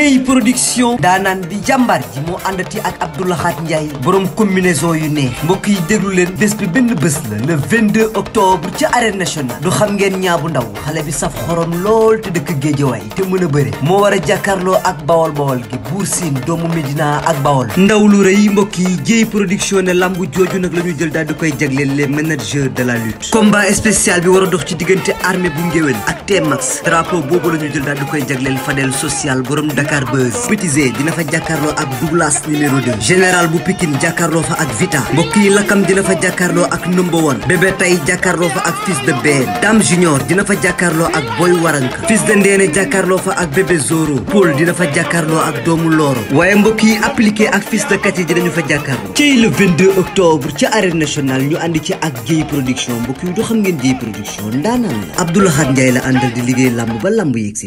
Guèye production daanaan bi jàmbaar ji moo àndati ak Abdoulahat Ndiaye borom combinaison yu neex mbokk yi déglu leen bés bi benn bés la le 22 octobre ci arène nationale du xam ngeen ñaa bu ndaw xale bi saf xorom lool te dëkk géejawaay te mën a bëre moo war a jàkkaarloo ak bawol bawol gi buur siin doomu Medina ak bawol ndaw lu rëy mbokk yi Guèye production ne lambu jooju nag la ñu jël daal di koy jagleel les managers de la lutte combat spécial bi war dox ci diggante armée bu ngéwél ak T-Max drapeau boobu la ñu jël daal di koy jagleel Fadel social borom Dakar Dakar Buzz Petitze dina fa jàkkaarloo ak Douglas numéro 2 général bu Pikine jàkkaarloo fa ak Vita mbokk yi Lakam dina fa jàkkaarloo ak Number One Bébé Tay jàkkaarloo fa ak Fils de Ben Dame Junior dina fa jàkkaarloo ak Boy Waranka Fils de Ndéene jàkkaarloo fa ak Bébé Zoro Paul dina fa jàkkaarloo ak Doomu Loro waaye mbokk yi appliqué ak Fils de Kati dinañu fa jàkkaarloo ci le 22 octobre ci arène nationale ñu ànd ci ak Dieye production mbokk yi du xam ngeen Dieye production ndaanaan la ba lamb yegg si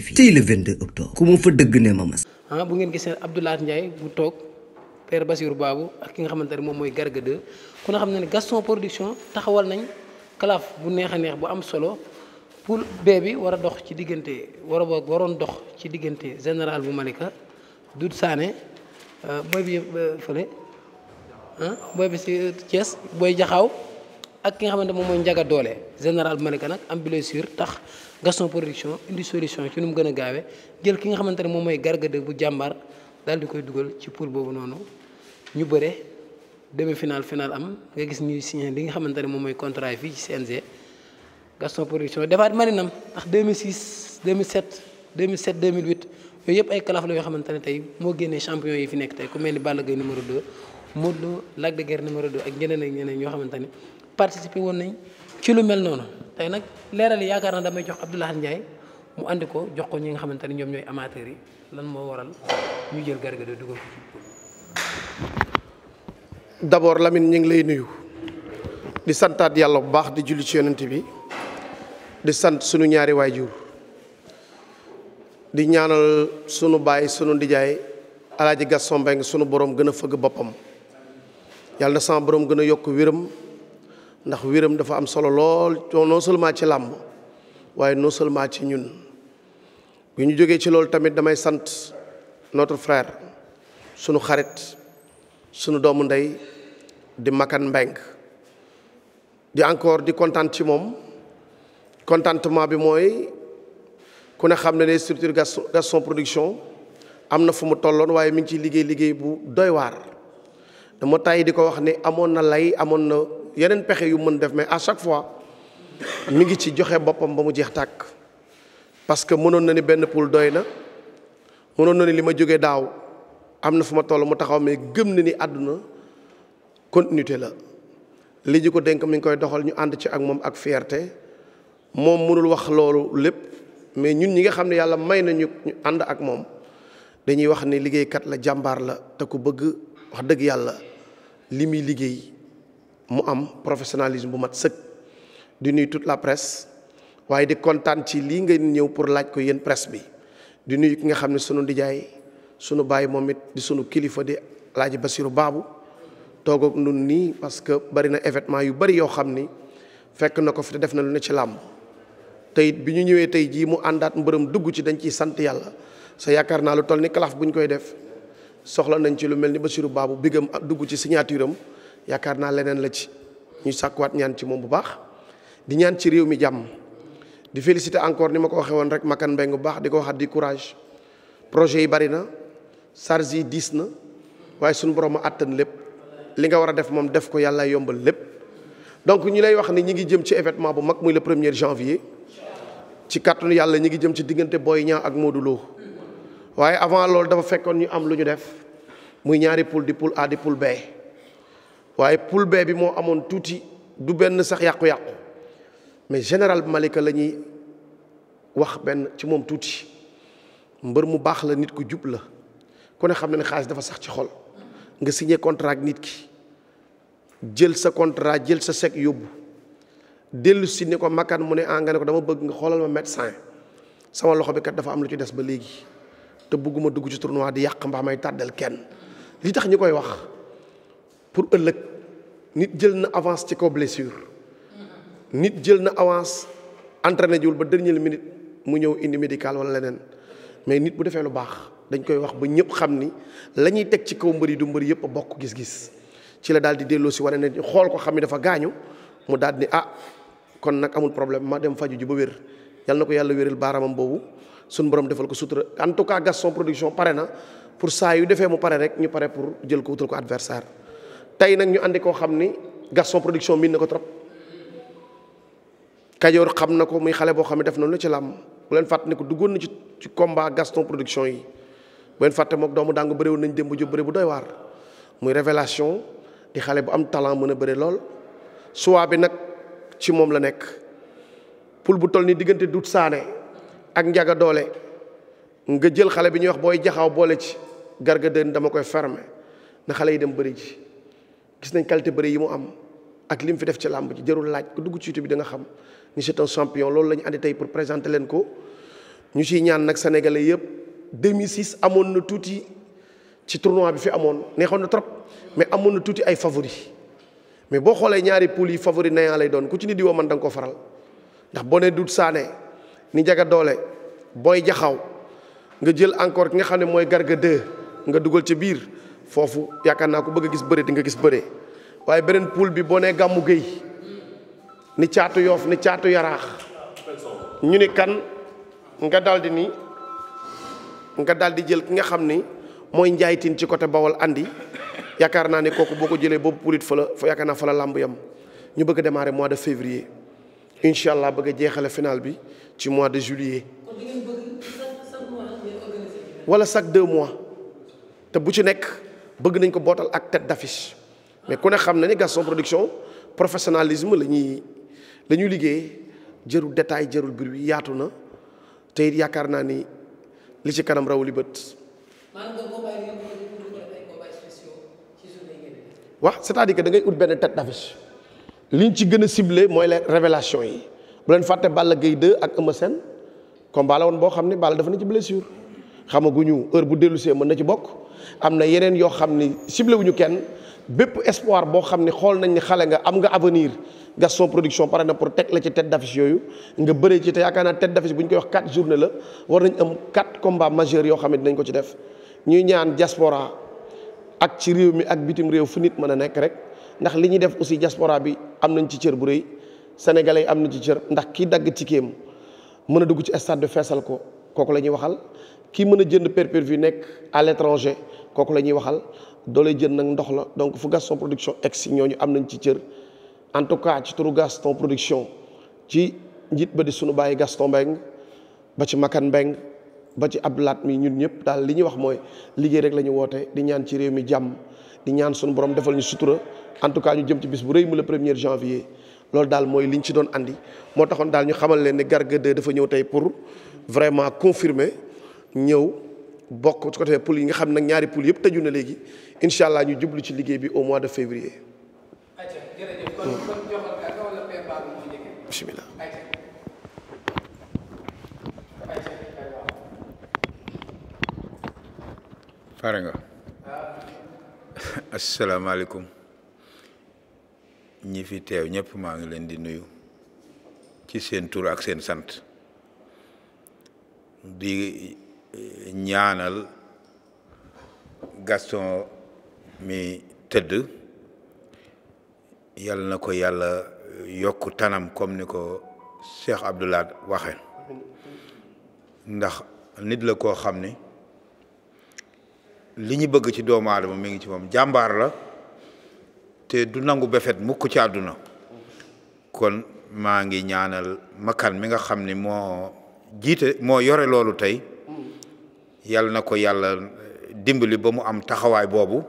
Mës. ah bu ngeen gisee Abdoulaye Ndiaye bu toog père Basirou baabu ak ki nga xamante ne moom mooy Garga 2 ku na xam ne ne Gaston production taxawal nañ calaf bu neex a neex bu am solo pour bee bi war a dox ci diggante war a waroon dox ci diggante général bu Malika Doudou Sané euh, booy bi euh, fële booy jaxaw ak ki nga xamante moom mooy njaga doole général Malika nag am blessure tax Gaston production indi solution ci nu mu gën a gaawee jël ki nga xamante ne moom mooy gargade bu jàmbaar daal di koy dugal ci poule boobu noonu ñu bëre demi final final am nga gis ñuy signé li nga xamante ne moom mooy contrat yi fii ci CNG Gaston production defaat marinam ndax 2006 2007 2007 2008 yooyu yëpp ay calaf la yoo xamante ne tey moo génne champion yi fi nekk tey ku mel ni Balla Gaye numéro 2 Modou Lac de Guiers numéro 2 ak ñeneen ak ñeneen ñoo xamante ne participer woon nañ ci lu mel noonu tey nag leeral yi yaakaar na damay jox Abdoulaye Ndiaye mu andi ko jox ko ñi nga xamante ne ñoom ñooy amateurs yi lan moo waral ñu jël Garga 2 dugal ko ci. d'abord Lamine ñu ngi lay nuyu di santaat yàlla bu baax di julli ci yonent bi di sant suñu ñaari waajur di ñaanal sunu baay sunu ndijaay Alaaji Gaston Mbengue suñu borom gën a fëgg boppam yàlla sama borom gën a yokk wéram. ndax wéram dafa am solo lool non seulement ci làmb waaye non seulement ci ñun bu ñu jógee ci loolu tamit damay sant notre frère sunu xarit sunu doomu ndey di Makan Mbeng di encore di kontaan ci moom contentement bi mooy ku ne xam ne ne structure Gaston Production am na fu mu tolloon waaye mi ngi ciy liggéey liggéey bu doy waar dama tàyyi di ko wax ne amoon na lay amoon na yeneen pexe yu mën def mais à chaque fois mu ngi ci joxe boppam ba mu jeex tàkk parce que mënoon na ni benn poule doy na mënoon na ni li ma jóge daaw am na fu ma toll mu taxaw mais gëm na ni àdduna continuité la li ji ko dénk mi ngi koy doxal ñu ànd ci ak moom ak fierté moom mënul wax loolu lépp mais ñun ñi nga xam ne yàlla may nañu ñu ànd ak moom dañuy wax ne liggéeykat la jàmbaar la te ku bëgg wax dëgg yàlla li muy liggéey mu am professionnalisme bu mat sëkk di nuyu tout la presse waaye di kontaan ci lii nga ñëw pour laaj ko yéen presse bi di nuyu ki nga xam ne sunu ndijaay sunu bàyyi moom it di sunu kilifa di laaji Basiru Baabu toog ak nun nii parce que bari na événement yu bari yoo xam ni fekk na ko fi te def na lu ne ci làmb tey bi ñu ñëwee tey jii mu àndaat mbërëm dugg ci dañ ciy sant yàlla sa yaakaar naa lu toll ni kalaaf bu ñu koy def soxla nañ ci lu mel ni Basiru Baabu bigam dugg ci signature am yaakaar naa leneen la ci ñu sàkkuwaat ñaan ci moom bu baax di ñaan ci réew mi jàmm di féliciter encore ni ma ko waxee woon rek Makan Mbeng bu baax di ko waxaat di courage projet yi bari na charge yi diis na waaye suñu borom a àttan lépp li nga war a def moom def ko yàlla yombal lépp donc ñu lay wax ni ñi ngi jëm ci événement bu mag muy la premier janvier ci kàttanu yàlla ñi ngi jëm ci diggante booy Niang ak Modou Lo waaye avant loolu dafa fekkoon ñu am lu ñu def muy ñaari poule di poule A di waaye poule B bi moo amoon tuuti du benn sax yàqu-yàqu mais général Malika la ñuy wax benn ci moom tuuti mbër mu baax la nit ku jub la ku ne xam na ne xaalis dafa sax ci xol nga signé contrat ak nit ki jël sa contrat jël sa chèque yóbbu dellu si ne ko makkan mu ne ah nga ne ko dama bëgg nga xoolal ma médecin sama loxo bi kat dafa am lu ci des ba léegi te bëgguma dugg ci tournoi di yàq mbaa may tàddal kenn li tax ñi koy wax. pour ëllëg nit jël na avance ci kaw blessure nit jël na avance entraîné jiwul ba dernière minute mu ñëw indi médical wala leneen mais nit bu defee lu baax dañ koy wax ba ñëpp xam ni la ñuy teg ci kaw mbër yi du mbër yëpp a bokk gis-gis ci la daal di delloo si wane ne xool ko xam ni dafa gaañu mu daal ni ah kon nag amul problème ma dem faju ji ba wér yal na ko yàlla wéral baaraamam boobu suñ borom defal ko sutura en tout cas Gaston Production pare na pour saa yu defee mu pare rek ñu pare pour jël ko wutal tey nag ñu andi koo xam ni Gaston Production miin na ko trop Kajoor xam na ko muy xale boo xam ne def na lu ci làmm bu leen fàtte ne ko duggoon na ci ci combat Gaston Production yi bu leen fàtte mook doomu dàngu bëriwoon nañ démb ju bëri bu doy waar muy révélation di xale bu am talent mën a bëri lool suwaa bi nag ci moom la nekk pour bu toll nii diggante dut saane ak njaga doole nga jël xale bi ñuy wax booy jaxaw boole ci garga dën dama koy fermer na xale yi dem bëri ji gis nañ qualité bëri yi mu am ak li mu fi def ci làmb ji jarul laaj ku dugg ci bi da nga xam ni c'est un champion loolu la ñu andi tey pour présenter leen ko ñu si ñaan nag sénégalais yëpp 2006 amoon na tuuti ci tournoi bi fi amoon neexoon na trop mais amoon na tuuti ay favori mais boo xoolee ñaari poule yi favori nayaa lay doon ku ci ni di woo man da nga ko faral ndax boo nee saane Sané ni jaga doole booy jaxaw nga jël encore ki nga xam ne mooy Garga 2 nga dugal ca biir foofu yaakaar naa ku bëgg a gis bëre di nga gis bëre waaye beneen poule bi boo nee gàmmu géey ni caatu yoof ni caatu yaraax ñu ni kan nga daldi ni nga daldi jël ki nga xam ni mooy njaay njaaytin ci côté bawal àndi yaakaar naa ne kooku boo ko jëlee boobu pulit fa la fa yaakaar naa fa la làmb yam ñu bëgg a démarrer mois de février incha allah bëgg a jeexale final bi ci mois de juillet wala chaque de mois te bu ci nekk bëgg nañ ko bootal ak tête d'affiche mais ku ne xam na ni Gaston Production professionalism la ñuy la ñuy liggéey jërul détail jërul bruit yaatu na te yaakaar naa ni li ci kanam raw li bët. wax c'est-à-dire ngay ut benn tête d'affiche li ñu ci gën a ciblé mooy les révélations yi bu leen fàtte Balla Gaye 2 ak Eumeu Sène combat woon boo xam ne Balla dafa na ci blessure xamaguñu heure bu dellusee mën na ci bokk. am na yeneen yoo xam ni ciblé wuñu kenn bépp espoir boo xam ne xool nañ ne xale nga am nga avenir Gaston Production pare na pour teg la ci tête d'affiche yooyu nga bëree ci te yaakaar naa tête d'affiche bu ñu koy wax quatre journée la war nañ am quatre combats majeurs yoo xam ne dinañ ko ci def ñuy ñaan diaspora ak ci réew mi ak bitim réew fu nit mën a nekk rek ndax li ñuy def aussi diaspora bi am nañ ci cër bu rëy sénégalais am nañ ci cër ndax kii dagg tikéem mën a dugg ci stade de feesal ko kooku la ñuy waxal kii mën a jënd perpervu nekk à l'étranger kooku la ñuy waxal doole jënd nag ndox la donc fu Gaston Production egg si ñooñu am nañ ci cër en tout cas ci turu Gaston Production ci njiit ba di suñu bàyyi Gaston Mbengue ba ci Makan Mbengue ba ci Abdoulaat mi ñun ñëpp daal li ñuy wax mooy liggéey rek la ñu woote di ñaan ci réew mi jàmm di ñaan sunu borom defal ñu sutura en tout cas ñu jëm ci bis bu rëy mu le premier janvier loolu daal mooy liñ ci doon andi moo taxoon daal ñu xamal leen ne Garga dafa ñëw tey pour vraiment confirmer ñëw bokk su ko defee poule yi nga xam nag ñaari poule yëpp tëju na léegi incha allah ñu jublu ci liggéey bi au mois de février. Hmm. bismillah pare nga ah. asalaamaaleykum ñi fi teew ñëpp maa ngi leen di nuyu ci seen tur ak seen sant di ñaanal Gaston mi tëdd yal na ko yàlla yokk tanam comme ni ko Cheikh Abdoulaye waxe ndax nit la koo xam ni li ñu bëgg ci doomu aadama mi ngi ci moom jàmbaar la te du nangu befet mukk ci àdduna kon maa ngi ñaanal makkan mi nga xam ni moo jiite moo yore loolu tey yal na ko yàlla dimbali ba mu am taxawaay boobu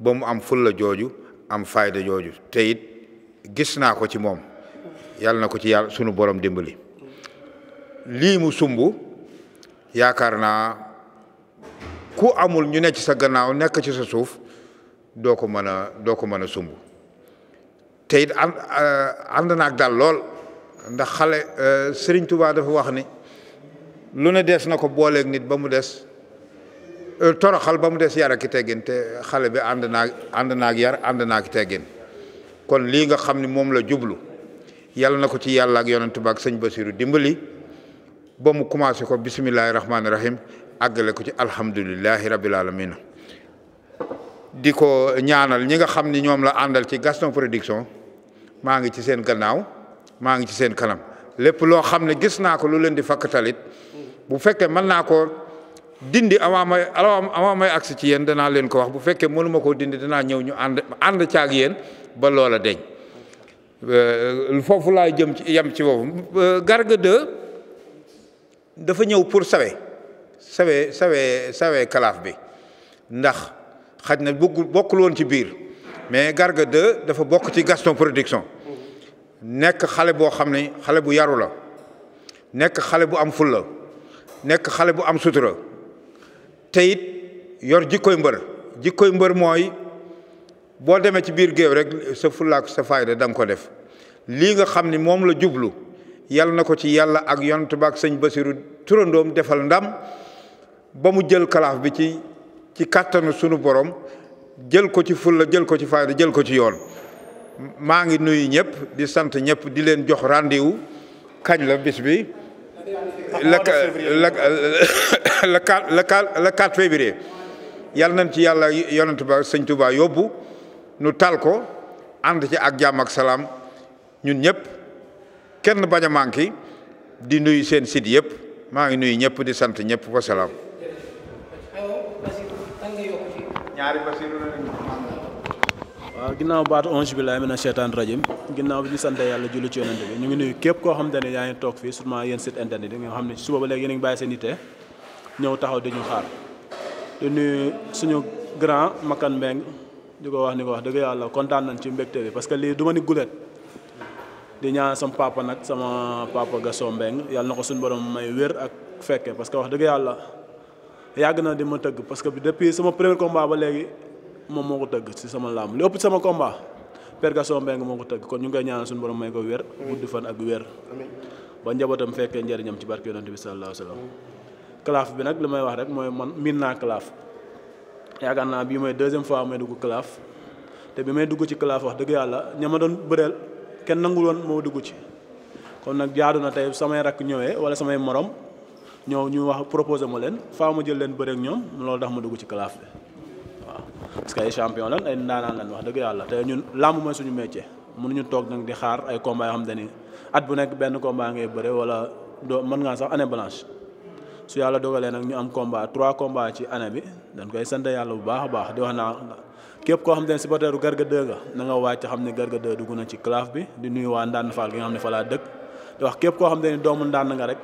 ba mu am fulla jooju am fayda jooju te it gis naa ko ci moom yal na ko ci yàlla sunu borom dimbali lii mu sumb yaakaar naa ku amul ñu nekk ci sa gannaaw nekk ci sa suuf doo ko mën a doo ko mën a sumb te it ànd naag daal lool ndax xale euh, Serigne Touba dafa wax ni lu ne dees na ko booleeg nit ba mu des euh, toroxal ba mu des yar ak teggin te xale bi ànd naa ànd naag yar ànd naag teggin kon lii nga xam ni moom la jublu yàlla na ko ci yàlla ak yonent ba ak sëñ Basiru dimbali ba mu commencé ko bisimilahi rahmaani rahim àggale ko ci alhamdulilahi rabil alamin di ko ñaanal ñi nga xam ni ñoom la àndal ci Gaston Production maa ngi ci seen gannaaw maa ngi ci seen kanam lépp loo xam ne gis naa ko lu leen di fakk talit bu fekkee mën naa ko dindi avant may avant may agsi ci yéen danaa leen ko wax bu fekkee mënuma koo dindi danaa ñëw ñu ànd ànd caag yéen ba loola deñ euh, foofu laay jëm ci yem ci boobu euh, Garga 2 dafa ñëw pour sawe sawe sawe sawe kalaaf bi ndax xaj na bëgg bokkul woon ci biir mais Garga 2 dafa bokk ci Gaston Production nekk xale boo xam ne xale bu yaru la nekk xale bu am fulla nekk xale bu am sutura te it yor jikkoy mbër jikkoy mbër mooy boo demee ci biir géew rek sa fullaak sa fayda da ko def lii nga xam ni moom la jublu yàlla na ko ci yàlla ak yonent ba ak sëñ Basiru turandoom defal ndam ba mu jël kalaaf bi ci ci kàttanu sunu borom jël ko ci fulla jël ko ci fayda jël ko ci yoon maa ngi nuyu ñëpp di sant ñëpp di leen jox rendez-vous kañ la bis bi le le quatre le yal nañ ci yàlla yonent ba sëñ Touba yóbbu nu tal ko ànd ak jàmm ak salaam ñun ñëpp kenn bañ a manqué di nuyu seen site yëpp maa ngi nuyu ñëpp di sant ñëpp wa salaam. waaw ginnaaw baatu onge bi laay mën a seetaan rajim ginnaaw bi ñu yàlla julli ci yonent bi ñu ngi nuyu képp koo xam ne yaa ngi toog fii internet yi nga xam ne a ngi bàyyi seen yitte taxaw dañu xaar di nuyu suñu grand Makan Mbeng di ko wax ni ko wax dëgg yàlla kontaan nañ ci mbégte bi parce que lii du ma ni gulet di ñaan sama papa nag sama papa Gaso Mbeng yàlla na ko suñu borom may wér ak fekke parce que wax dëgg yàlla yàgg na di ma tëgg parce que depuis sama premier combat ba léegi moom moo ko tëgg si sama làmb li ëpp sama combat pergason mbeng moo ko tëgg kon ñu ngi koy ñaanal suñu borom may ko wér. gudd fan ak wér. ba njabootam fekkee njëriñam ci barke yonent bi sallallahu alayhi wa sallam. kalaaf bi nag li may wax rek mooy man miin naa kalaaf yaakaar naa bii may deuxième fois may dugg kalaaf te bi may dugg ci kalaaf wax dëgg yàlla ña ma doon bëreel kenn nangu woon moo dugg ci. kon nag jaadu na tey samay rakk ñëwee wala samay morom ñëw ñu wax proposé ma leen faaw ma jël leen bëreek ñoom loolu tax ma dugg ci kalaaf bi. parce que ay champion lan ay ndaanaan lan wax dëgg yàlla te ñun làmb mooy suñu métier mënuñu toog nag di xaar ay combat yoo xam te ni at bu nekk benn combat ngay bëre wala doo mën ngaa sax année blanche dogalee nag ñu am combat trois combats ci année koy sant yàlla bu baax a baax di wax naa képp koo xam ne supporteru Garga 2 nga na nga wàcc xam ne Garga 2 dugg na ci bi di nuyu waa Ndande Fall gi xam ne laa dëkk di wax képp koo xam te ni doomu Ndande nga rek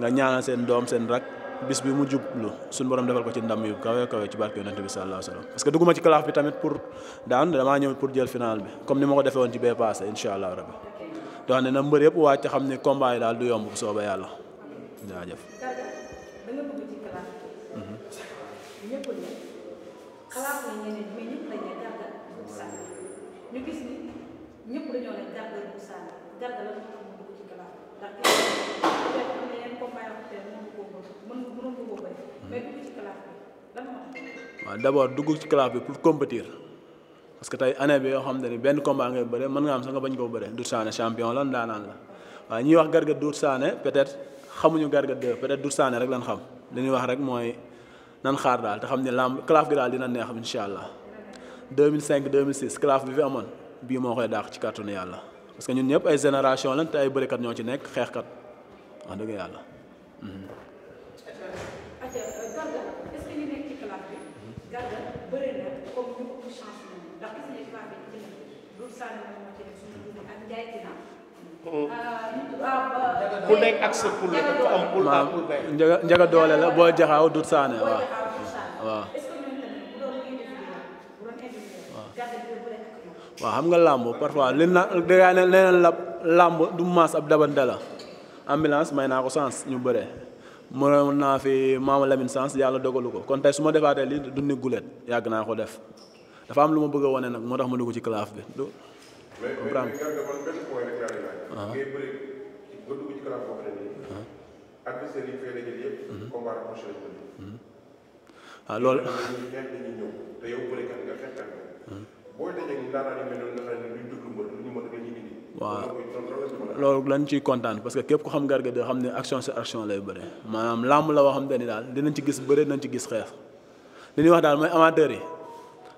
nga ñaanal seen doom seen rak bis bi mu jublu suñu borom defal ko ci ndam yu kawe kawe ci barke yonent bi sallallahu alayhi wasallam parce que dugguma ci kalaaf bi tamit pour daan damaa ñëw pour jël final bi comme ni ma ko defee woon ci bee passé incha allah rabbi doon ne na mbër yëpp wàcc xam ne combat daal du yomb bu yàlla waaw d'abord dugg ci classe bi pour compétir parce tey année bi yoo xam ne benn combat ngay bëre mën nga am sax nga bañ koo bëre Doudou Sané champion la ndaanaan la waaw ñuy wax Garga Doudou Sané peut-être xamuñu Garga 2 peut-être rek lañ xam li ñuy wax rek mooy nan xaar daal te xam ne lamb classe bi daal dina neex incha allah 2005 2006 classe bi fi amoon bii moo koy daax ci kàttanu yàlla parce que ñun ñëpp ay génération lañ te ay bërekat ñoo ci nekk xeexkat wax dëgg yàlla. Mhm. xibaar bi Garga bëri na euh, doole la boo jaxaaw Doudou Sané waaw waaw. xam nga làmb parfois li na dégg ne nee la làmb du maas ab dabante la ambulance may naa ko sens ñu bëre. mënoon naa fi maama Lamine Sans yàlla dogalu ko kon tey su ma defaatee lii du ni gulet yàgg naa ko def dafa am lu ma bëgg a wane nag moo tax ma dugg ci classe bi. du comprendre mais mais waaw loolu. waaw loolu lan ciy kontaan parce que képp ko xam Garga 2 xam ne action sur action lay bëre maam làmb la woo xam te ni daal dinañ ci gis bëre dinañ ci gis xeex li ñuy wax daal mooy amateur yi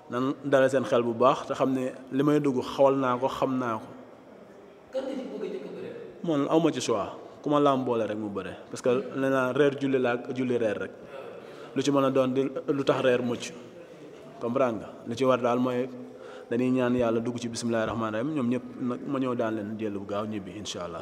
nan dala seen xel bu baax te xam ne li may dugg xawal naa ko xam naa ko. man aw ma ci choix ku ma làmb boole rek mu bëre parce que nee naa reer julli laa julli reer rek lu ci mën a doon di lu tax reer mucc comprendre nga lu ci war daal mooy. dañuy ñaan yàlla dugg ci bisimilah rahmaani rahim ñoom ñëpp nag ma ñëw leen jël bu gaaw ñibbi incha allah.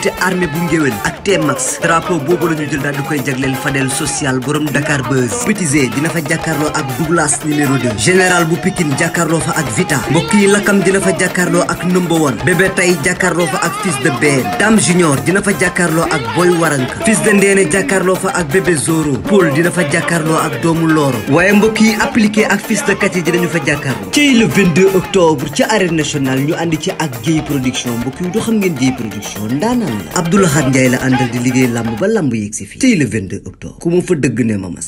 te armée bu ngéwél ak T-Max drapeau boobu la ñu jël daal di koy jagleel Fadel social borom Dakar Buzz. Pétisé dina fa jàkkaarloo ak Douglas numéro 2. général bu Pikine jàkkaarloo fa ak Vita. mbokk yi dina fa jàkkaarloo ak Number One. Bébé Tay jàkkaarloo fa ak Fils de Ben. Dame Junior dina fa jàkkaarloo ak Boy Waranka. Fils de Ndéene jàkkaarloo fa ak Bébé Zoro. Paul dina fa jàkkaarloo ak Doomu Loro. waaye mbokki yi appliqué ak Fils de Kati ñu fa jàkkaarloo. le 22 octobre ci arène nationale ñu ànd ci ak Guèye production mbokk yi du xam ngeen Guèye production ndaanaan la Abdoulahat Ndiaye la àndal di liggéey lamb ba lamb yegg si fii tey le 22 octobre ku ma fa dëgg ne ma mas